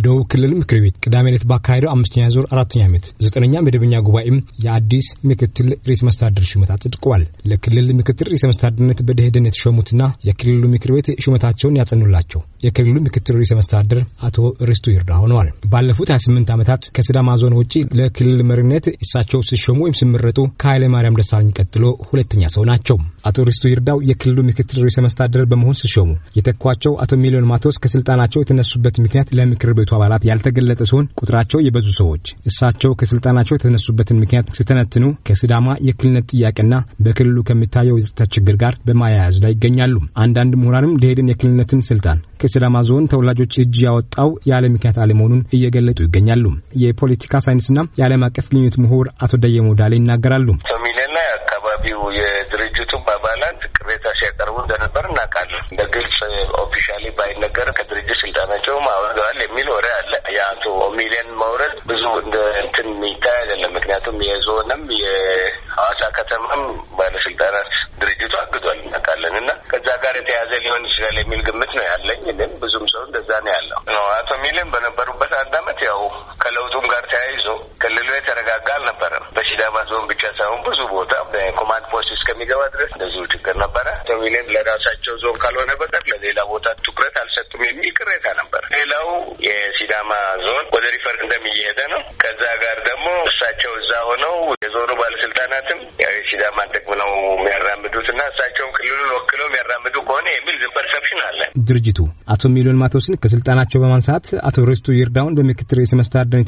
የደቡብ ክልል ምክር ቤት ቅዳሜ ዕለት ባካሄደው አምስተኛ ዙር አራተኛ ዓመት ዘጠነኛ መደበኛ ጉባኤም የአዲስ ምክትል ርዕሰ መስተዳድር ሹመት አጽድቀዋል። ለክልል ምክትል ርዕሰ መስተዳድርነት በደኢህዴን የተሾሙትና የክልሉ ምክር ቤት ሹመታቸውን ያጸኑላቸው የክልሉ ምክትል ርዕሰ መስተዳድር አቶ ርስቱ ይርዳ ሆነዋል። ባለፉት 28 ዓመታት ከስዳማ ዞን ውጭ ለክልል መሪነት እሳቸው ሲሾሙ ወይም ሲመረጡ ከኃይለ ማርያም ደሳለኝ ቀጥሎ ሁለተኛ ሰው ናቸው። አቶ ርስቱ ይርዳው የክልሉ ምክትል ርዕሰ መስተዳድር በመሆን ሲሾሙ የተኳቸው አቶ ሚሊዮን ማቴዎስ ከስልጣናቸው የተነሱበት ምክንያት ለምክር ቤቱ የድርጅቱ አባላት ያልተገለጠ ሲሆን ቁጥራቸው የበዙ ሰዎች እሳቸው ከስልጣናቸው የተነሱበትን ምክንያት ሲተነትኑ ከሲዳማ የክልልነት ጥያቄና በክልሉ ከሚታየው የጸጥታ ችግር ጋር በማያያዝ ላይ ይገኛሉ። አንዳንድ ምሁራንም ደኢህዴን የክልልነትን ስልጣን ከሲዳማ ዞን ተወላጆች እጅ ያወጣው ያለ ምክንያት አለመሆኑን እየገለጡ ይገኛሉ። የፖለቲካ ሳይንስና የዓለም አቀፍ ግንኙነት ምሁር አቶ ደየሞ ዳሌ ይናገራሉ። የአካባቢው የድርጅቱም አባላት ቅሬታ ሲያቀርቡ እንደነበር እናውቃለን። በግልጽ ኦፊሻሊ ባይነገር ከድርጅት ስልጣናቸውም አውርደዋል የሚል ወሬ አለ። የአቶ ሚሊየን መውረድ ብዙ እንደ እንትን የሚታይ አይደለም። ምክንያቱም የዞንም የሐዋሳ ከተማም ባለስልጣናት ድርጅቱ አግዷል እናውቃለን እና ከዛ ጋር የተያዘ ሊሆን ይችላል የሚል ግምት ነው ያለኝ። ብዙም ሰው እንደዛ ነው ያለው። አቶ ሚሊየን በነበሩበት ኢኮኖሚንን ለራሳቸው ዞን ካልሆነ በቀር ለሌላ ቦታ ትኩረት አልሰጡም የሚል ቅሬታ ነበር። ሌላው የሲዳማ ዞን ወደ ሪፈረንደም እየሄደ ነው። የሚያራምዱትና እሳቸውም ክልሉን ወክለው የሚያራምዱ ከሆነ የሚል ፐርሰፕሽን አለ። ድርጅቱ አቶ ሚሊዮን ማቶስን ከስልጣናቸው በማንሳት አቶ ርስቱ ይርዳውን በምክትል ርዕሰ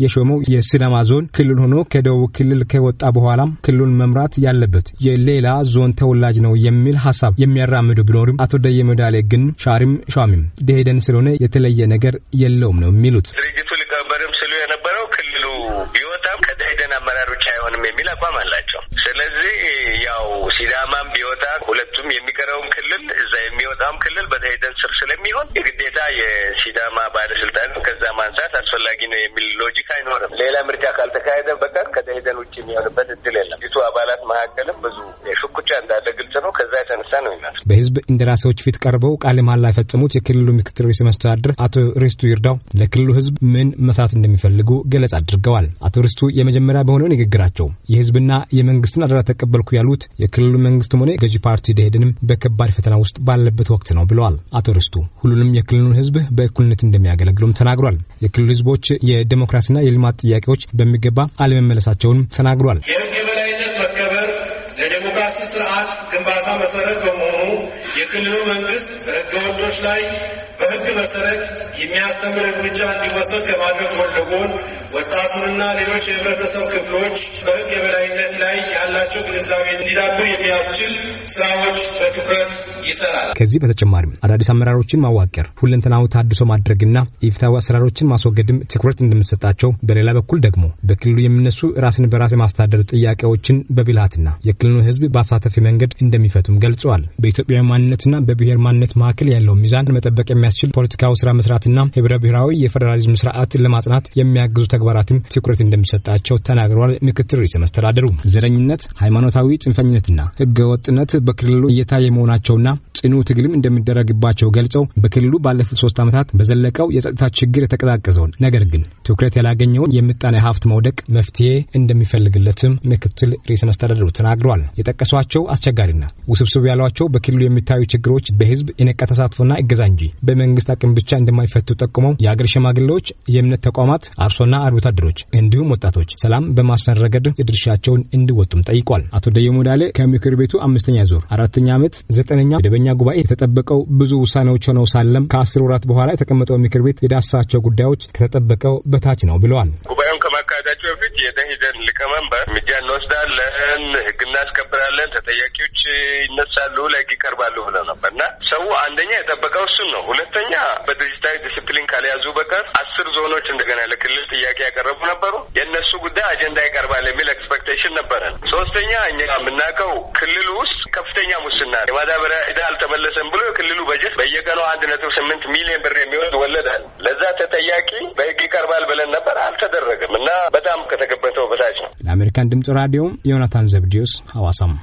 የሾመው የሲዳማ ዞን ክልል ሆኖ ከደቡብ ክልል ከወጣ በኋላም ክልሉን መምራት ያለበት የሌላ ዞን ተወላጅ ነው የሚል ሀሳብ የሚያራምዱ ቢኖርም አቶ ደየ መዳሌ ግን ሻሪም ሻሚም ደሄደን ስለሆነ የተለየ ነገር የለውም ነው የሚሉት። ድርጅቱ ሊቀበርም ስሉ የነበረው ክልሉ ቢወጣም ከደሄደን አመራሮች አይሆንም የሚል አቋም አላቸው። ሌላ ምርጫ ካልተካሄደ በቀር ከደኢህዴን ውጭ የሚሆንበት እድል የለም። አባላት መካከልም ብዙ ይገኛል። በህዝብ እንደራሴዎች ፊት ቀርበው ቃለ መሃላ የፈጸሙት የክልሉ ምክትል ርዕሰ መስተዳድር አቶ ሪስቱ ይርዳው ለክልሉ ህዝብ ምን መስራት እንደሚፈልጉ ገለጽ አድርገዋል። አቶ ሪስቱ የመጀመሪያ በሆነው ንግግራቸው የህዝብና የመንግስትን አደራ ተቀበልኩ ያሉት የክልሉ መንግስትም ሆነ ገዢ ፓርቲ ደሄድንም በከባድ ፈተና ውስጥ ባለበት ወቅት ነው ብለዋል። አቶ ሪስቱ ሁሉንም የክልሉን ህዝብ በእኩልነት እንደሚያገለግሉም ተናግሯል። የክልሉ ህዝቦች የዴሞክራሲና የልማት ጥያቄዎች በሚገባ አለመመለሳቸውንም ተናግሯል። የህግ የበላይነት መከበር የዲሞክራሲ ስርዓት ግንባታ መሰረት በመሆኑ የክልሉ መንግስት በህገወጦች ላይ በህግ መሰረት የሚያስተምር እርምጃ እንዲወሰድ ከማድረግ ጎን ለጎን ወጣቱንና ሌሎች የህብረተሰብ ክፍሎች በህግ የበላይነት ላይ ያላቸው ግንዛቤ እንዲዳብር የሚያስችል ስራዎች በትኩረት ይሰራል። ከዚህ በተጨማሪም አዳዲስ አመራሮችን ማዋቀር፣ ሁለንተናዊ ታድሶ ማድረግና ኢፍትሐዊ አሰራሮችን ማስወገድም ትኩረት እንደምሰጣቸው፣ በሌላ በኩል ደግሞ በክልሉ የሚነሱ ራስን በራስ የማስተዳደር ጥያቄዎችን በብልሃትና የክልሉ ህዝብ በአሳተፊ መንገድ እንደሚፈቱም ገልጸዋል። በኢትዮጵያ ማንነትና በብሔር ማንነት መካከል ያለው ሚዛን መጠበቅ የሚያስችል ፖለቲካዊ ስራ መስራትና ህብረ ብሔራዊ የፌዴራሊዝም ስርዓት ለማጽናት የሚያግዙ ተግባራትም ትኩረት እንደሚሰጣቸው ተናግረዋል። ምክትል ርዕሰ መስተዳደሩ ዘረኝነት፣ ሃይማኖታዊ ጽንፈኝነትና ህገ ወጥነት በክልሉ እየታየ መሆናቸውና ጽኑ ትግልም እንደሚደረግባቸው ገልጸው በክልሉ ባለፉት ሶስት ዓመታት በዘለቀው የጸጥታ ችግር የተቀዛቀዘውን ነገር ግን ትኩረት ያላገኘውን የምጣኔ ሀብት መውደቅ መፍትሄ እንደሚፈልግለትም ምክትል ርዕሰ መስተዳደሩ ተናግረዋል። የጠቀሷቸው አስቸጋሪና ውስብስብ ያሏቸው በክልሉ የሚታዩ ችግሮች በህዝብ የነቃ ተሳትፎና እገዛ እንጂ በመንግስት አቅም ብቻ እንደማይፈቱ ጠቁመው የአገር ሽማግሌዎች፣ የእምነት ተቋማት፣ አርሶና ፈቃድ ወታደሮች እንዲሁም ወጣቶች ሰላም በማስፈን ረገድ የድርሻቸውን እንዲወጡም ጠይቋል። አቶ ደየሞ ዳሌ ከምክር ቤቱ አምስተኛ ዙር አራተኛ ዓመት ዘጠነኛ መደበኛ ጉባኤ የተጠበቀው ብዙ ውሳኔዎች ሆነው ሳለም ከአስር ወራት በኋላ የተቀመጠው ምክር ቤት የዳሳቸው ጉዳዮች ከተጠበቀው በታች ነው ብለዋል። ከማካሄዳቸው በፊት የደኢህዴን ሊቀመንበር እርምጃ እንወስዳለን፣ ህግ እናስከብራለን፣ ተጠያቂዎች ይነሳሉ፣ ለህግ ይቀርባሉ ብለው ነበር እና ሰው አንደኛ የጠበቀው እሱን ነው። ሁለተኛ በዲጂታል ዲስፕሊን ካልያዙ በቀር አስር ዞኖች እንደገና ለክልል ጥያቄ ያቀረቡ ነበሩ። የእነሱ ጉዳይ አጀንዳ ይቀርባል የሚል ኤክስፔክቴሽን ነበረን። ሶስተኛ እኛ የምናውቀው ክልሉ ውስጥ ከፍተኛ ሙስና፣ የማዳበሪያ ዕዳ አልተመለሰም ብሎ የክልሉ በጀት በየቀኑ አንድ ነጥብ ስምንት ሚሊዮን ብር የሚወስድ ወለዳል። ለዛ ተጠያቂ በህግ ይቀርባል ብለን ነበር፣ አልተደረገም። እና በጣም ከተገበተው በታች ነው። ለአሜሪካን ድምጽ ራዲዮም ዮናታን ዘብዲዮስ ሐዋሳም